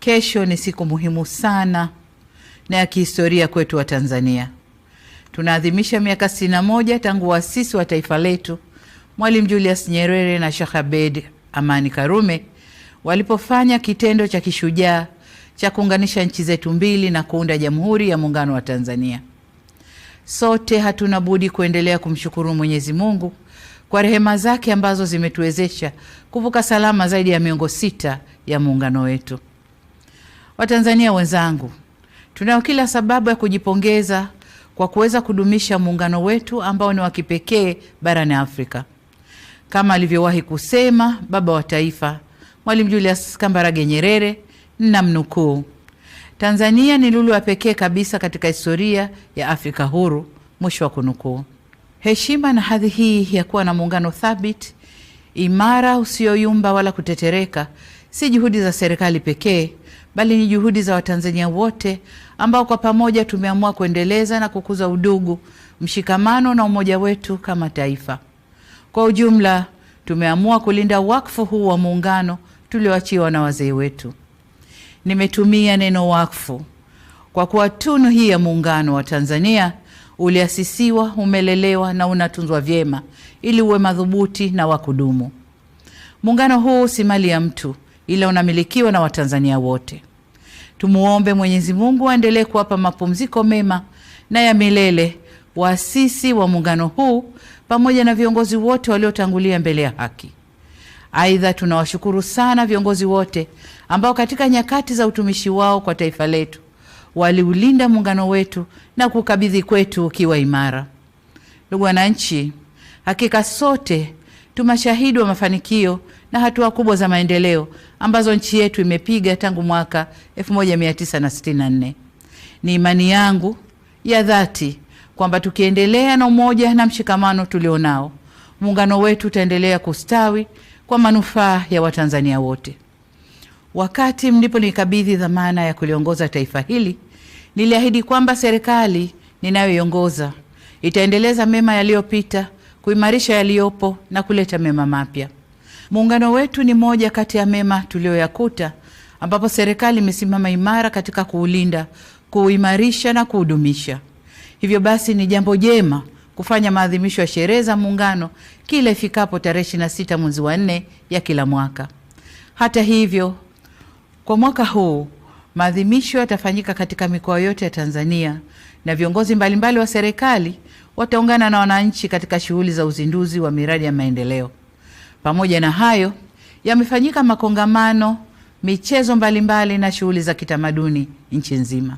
Kesho ni siku muhimu sana na ya kihistoria kwetu wa Tanzania. Tunaadhimisha miaka 61 tangu waasisi wa taifa letu Mwalimu Julius Nyerere na Sheikh Abed Amani Karume walipofanya kitendo cha kishujaa cha kuunganisha nchi zetu mbili na kuunda Jamhuri ya Muungano wa Tanzania. Sote hatuna budi kuendelea kumshukuru Mwenyezi Mungu kwa rehema zake ambazo zimetuwezesha kuvuka salama zaidi ya miongo sita ya muungano wetu. Watanzania wenzangu, tunayo kila sababu ya kujipongeza kwa kuweza kudumisha muungano wetu ambao ni wa kipekee barani Afrika. Kama alivyowahi kusema baba wa taifa Mwalimu Julius Kambarage Nyerere, mnukuu Tanzania ni lulu ya pekee kabisa katika historia ya Afrika huru, mwisho wa kunukuu. Heshima na hadhi hii ya kuwa na muungano thabiti, imara, usiyoyumba wala kutetereka, si juhudi za serikali pekee, bali ni juhudi za Watanzania wote ambao kwa pamoja tumeamua kuendeleza na kukuza udugu, mshikamano na umoja wetu kama taifa. Kwa ujumla, tumeamua kulinda wakfu huu wa Muungano tulioachiwa na wazee wetu. Nimetumia neno wakfu kwa kuwa tunu hii ya Muungano wa Tanzania uliasisiwa, umelelewa na unatunzwa vyema ili uwe madhubuti na wa kudumu. Muungano huu si mali ya mtu, ila unamilikiwa na Watanzania wote. Tumuombe Mwenyezi Mungu aendelee kuwapa mapumziko mema na ya milele waasisi wa muungano huu pamoja na viongozi wote waliotangulia mbele ya haki. Aidha, tunawashukuru sana viongozi wote ambao katika nyakati za utumishi wao kwa taifa letu waliulinda muungano wetu na kukabidhi kwetu ukiwa imara. Ndugu wananchi, hakika sote tumashahidi wa mafanikio na hatua kubwa za maendeleo ambazo nchi yetu imepiga tangu mwaka 1964. Ni imani yangu ya dhati kwamba tukiendelea na umoja na mshikamano tulionao, muungano wetu utaendelea kustawi kwa manufaa ya Watanzania wote. Wakati mliponikabidhi dhamana ya kuliongoza taifa hili, niliahidi kwamba serikali ninayoiongoza itaendeleza mema yaliyopita, kuimarisha yaliyopo na kuleta mema mapya. Muungano wetu ni moja kati ya mema tuliyoyakuta, ambapo serikali imesimama imara katika kuulinda, kuuimarisha na kuudumisha. Hivyo basi ni jambo jema kufanya maadhimisho ya sherehe za Muungano kila ifikapo tarehe 26 mwezi wa nne ya kila mwaka. Hata hivyo, kwa mwaka huu maadhimisho yatafanyika katika mikoa yote ya Tanzania na viongozi mbalimbali mbali wa serikali wataungana na wananchi katika shughuli za uzinduzi wa miradi ya maendeleo. Pamoja na hayo, yamefanyika makongamano, michezo mbalimbali mbali na shughuli za kitamaduni nchi nzima.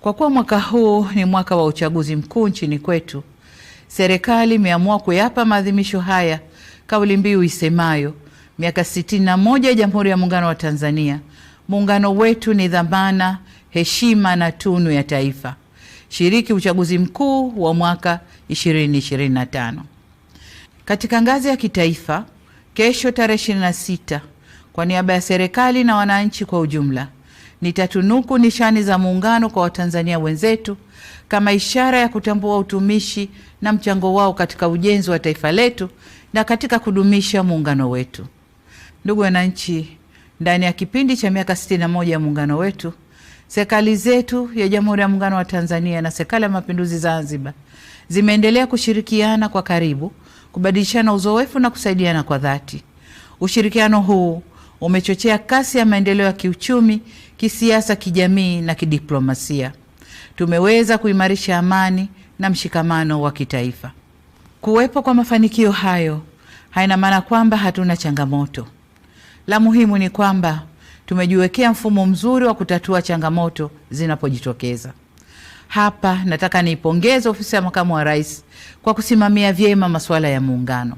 Kwa kuwa mwaka huu ni mwaka wa uchaguzi mkuu nchini kwetu, serikali imeamua kuyapa maadhimisho haya kauli mbiu isemayo miaka 61 ya Jamhuri ya Muungano wa Tanzania, muungano wetu ni dhamana, heshima na tunu ya taifa. Shiriki uchaguzi mkuu wa mwaka 2025. Katika ngazi ya kitaifa, kesho tarehe 26, kwa niaba ya serikali na wananchi kwa ujumla, nitatunuku nishani za Muungano kwa Watanzania wenzetu kama ishara ya kutambua utumishi na mchango wao katika ujenzi wa taifa letu na katika kudumisha muungano wetu. Ndugu wananchi, ndani ya kipindi cha miaka 61 ya muungano wetu, serikali zetu ya Jamhuri ya Muungano wa Tanzania na Serikali ya Mapinduzi Zanzibar zimeendelea kushirikiana kwa karibu kubadilishana uzoefu na kusaidiana kwa dhati. Ushirikiano huu umechochea kasi ya maendeleo ya kiuchumi, kisiasa, kijamii na kidiplomasia. Tumeweza kuimarisha amani na mshikamano wa kitaifa. Kuwepo kwa mafanikio hayo haina maana kwamba hatuna changamoto. La muhimu ni kwamba tumejiwekea mfumo mzuri wa kutatua changamoto zinapojitokeza. Hapa nataka niipongeze ofisi ya makamu wa rais kwa kusimamia vyema masuala ya muungano.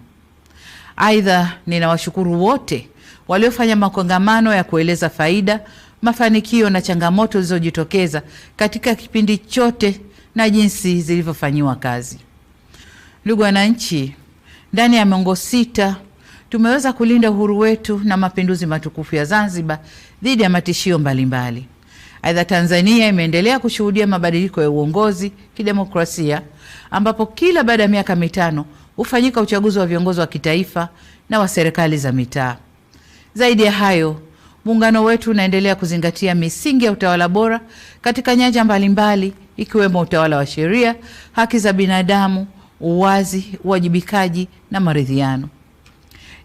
Aidha, ninawashukuru wote waliofanya makongamano ya kueleza faida, mafanikio na changamoto zilizojitokeza katika kipindi chote na jinsi zilivyofanyiwa kazi. Ndugu wananchi, ndani ya miongo sita tumeweza kulinda uhuru wetu na mapinduzi matukufu ya Zanzibar dhidi ya matishio mbalimbali mbali. Aidha, Tanzania imeendelea kushuhudia mabadiliko ya uongozi kidemokrasia ambapo kila baada ya miaka mitano hufanyika uchaguzi wa viongozi wa kitaifa na wa serikali za mitaa. Zaidi ya hayo, muungano wetu unaendelea kuzingatia misingi ya utawala bora katika nyanja mbalimbali ikiwemo utawala wa sheria, haki za binadamu, uwazi, uwajibikaji na maridhiano.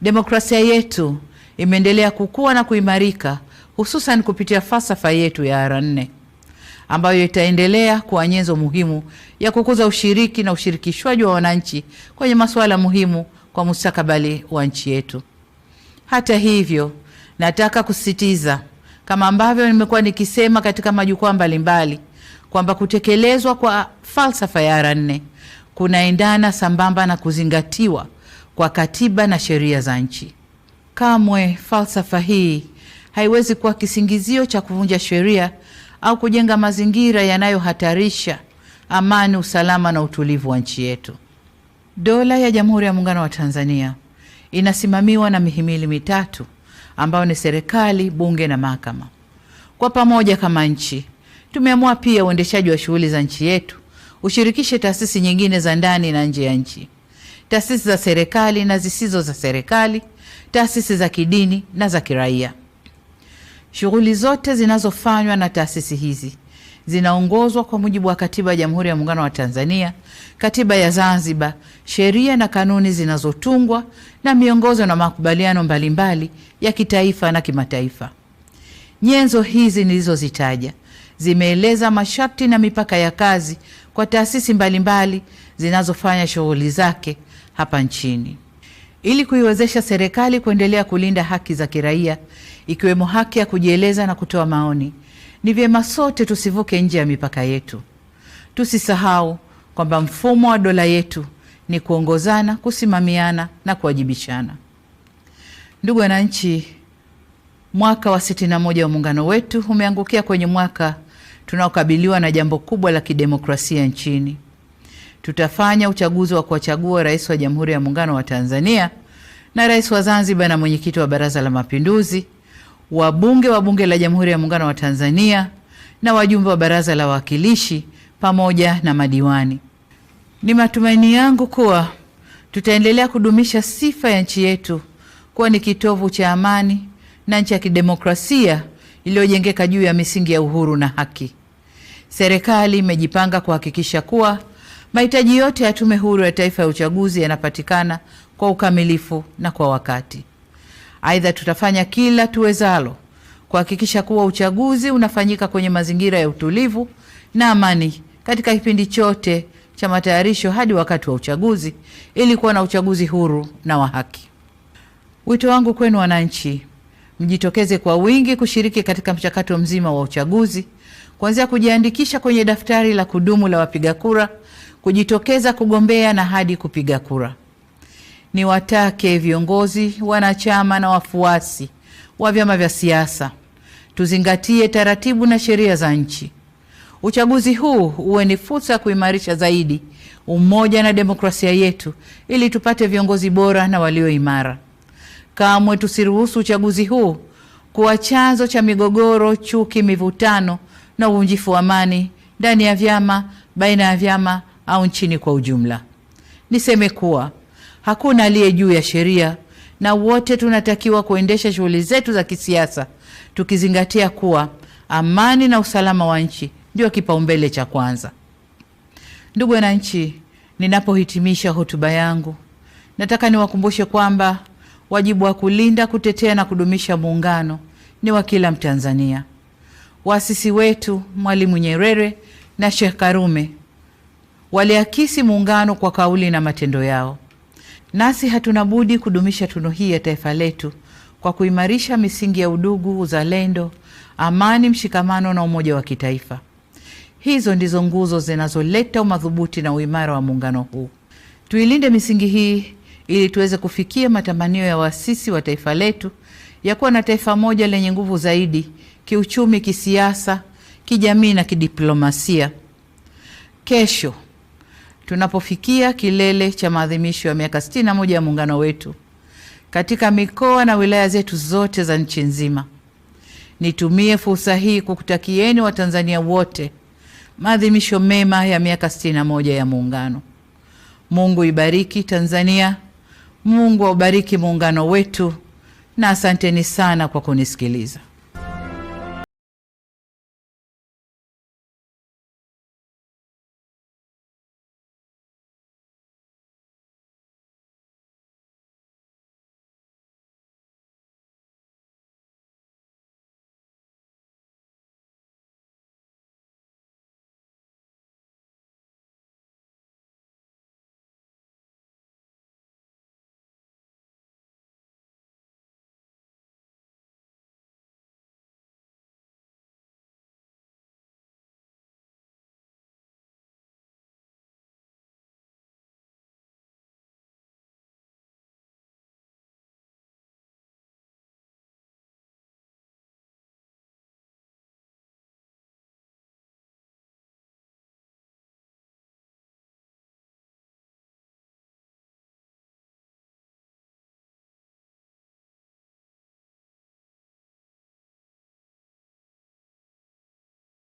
Demokrasia yetu imeendelea kukua na kuimarika hususan kupitia falsafa yetu ya R nne ambayo itaendelea kuwa nyenzo muhimu ya kukuza ushiriki na ushirikishwaji wa wananchi kwenye masuala muhimu kwa mustakabali wa nchi yetu. Hata hivyo, nataka kusisitiza kama ambavyo nimekuwa nikisema katika majukwaa mbalimbali kwamba kutekelezwa kwa falsafa ya R nne kunaendana sambamba na kuzingatiwa kwa katiba na sheria za nchi. Kamwe falsafa hii haiwezi kuwa kisingizio cha kuvunja sheria au kujenga mazingira yanayohatarisha amani, usalama na utulivu wa nchi yetu. Dola ya Jamhuri ya Muungano wa Tanzania inasimamiwa na mihimili mitatu ambayo ni serikali, bunge na mahakama. Kwa pamoja kama nchi tumeamua pia uendeshaji wa shughuli za nchi yetu ushirikishe taasisi nyingine za ndani na nje ya nchi, taasisi za serikali na zisizo za serikali, taasisi za kidini na za kiraia. Shughuli zote zinazofanywa na taasisi hizi zinaongozwa kwa mujibu wa Katiba ya Jamhuri ya Muungano wa Tanzania, Katiba ya Zanzibar, sheria na kanuni zinazotungwa na miongozo na makubaliano mbalimbali ya kitaifa na kimataifa. Nyenzo hizi nilizozitaja zimeeleza masharti na mipaka ya kazi kwa taasisi mbalimbali zinazofanya shughuli zake hapa nchini ili kuiwezesha serikali kuendelea kulinda haki za kiraia ikiwemo haki ya kujieleza na kutoa maoni. Ni vyema sote tusivuke nje ya mipaka yetu. Tusisahau kwamba mfumo wa dola yetu ni kuongozana, kusimamiana na kuwajibishana. Ndugu wananchi, mwaka wa 61 wa muungano wetu umeangukia kwenye mwaka tunaokabiliwa na jambo kubwa la kidemokrasia nchini tutafanya uchaguzi wa kuwachagua rais wa Jamhuri ya Muungano wa Tanzania na rais wa Zanzibar na mwenyekiti wa Baraza la Mapinduzi, wabunge wa Bunge la Jamhuri ya Muungano wa Tanzania na wajumbe wa Baraza la Wawakilishi pamoja na madiwani. Ni matumaini yangu kuwa tutaendelea kudumisha sifa ya nchi yetu kuwa ni kitovu cha amani na nchi ya kidemokrasia iliyojengeka juu ya misingi ya uhuru na haki. Serikali imejipanga kuhakikisha kuwa Mahitaji yote ya Tume Huru ya Taifa ya Uchaguzi yanapatikana kwa ukamilifu na kwa wakati. Aidha, tutafanya kila tuwezalo kuhakikisha kuwa uchaguzi unafanyika kwenye mazingira ya utulivu na amani katika kipindi chote cha matayarisho hadi wakati wa uchaguzi ili kuwa na uchaguzi huru na wa haki. Wito wangu kwenu wananchi, mjitokeze kwa wingi kushiriki katika mchakato mzima wa uchaguzi kuanzia kujiandikisha kwenye daftari la kudumu la wapiga kura kujitokeza kugombea na hadi kupiga kura. Niwatake viongozi, wanachama na wafuasi wa vyama vya siasa tuzingatie taratibu na sheria za nchi. Uchaguzi huu uwe ni fursa ya kuimarisha zaidi umoja na demokrasia yetu ili tupate viongozi bora na walio imara. Kamwe tusiruhusu uchaguzi huu kuwa chanzo cha migogoro, chuki, mivutano na uvunjifu wa amani ndani ya vyama, baina ya vyama au nchini kwa ujumla. Niseme kuwa hakuna aliye juu ya sheria na wote tunatakiwa kuendesha shughuli zetu za kisiasa tukizingatia kuwa amani na usalama wa nchi ndio kipaumbele cha kwanza. Ndugu wananchi, ninapohitimisha hotuba yangu, nataka niwakumbushe kwamba wajibu wa kulinda, kutetea na kudumisha muungano ni wa kila Mtanzania. Waasisi wetu Mwalimu Nyerere na Sheikh Karume waliakisi muungano kwa kauli na matendo yao. Nasi hatuna budi kudumisha tunu hii ya taifa letu kwa kuimarisha misingi ya udugu, uzalendo, amani, mshikamano na umoja wa kitaifa. Hizo ndizo nguzo zinazoleta umadhubuti na uimara wa muungano huu. Tuilinde misingi hii ili tuweze kufikia matamanio ya waasisi wa taifa letu ya kuwa na taifa moja lenye nguvu zaidi kiuchumi, kisiasa, kijamii na kidiplomasia. Kesho tunapofikia kilele cha maadhimisho ya miaka 61 ya muungano wetu katika mikoa na wilaya zetu zote za nchi nzima. Nitumie fursa hii kukutakieni Watanzania wote maadhimisho mema ya miaka 61 ya muungano. Mungu ibariki Tanzania, Mungu aubariki muungano wetu, na asanteni sana kwa kunisikiliza.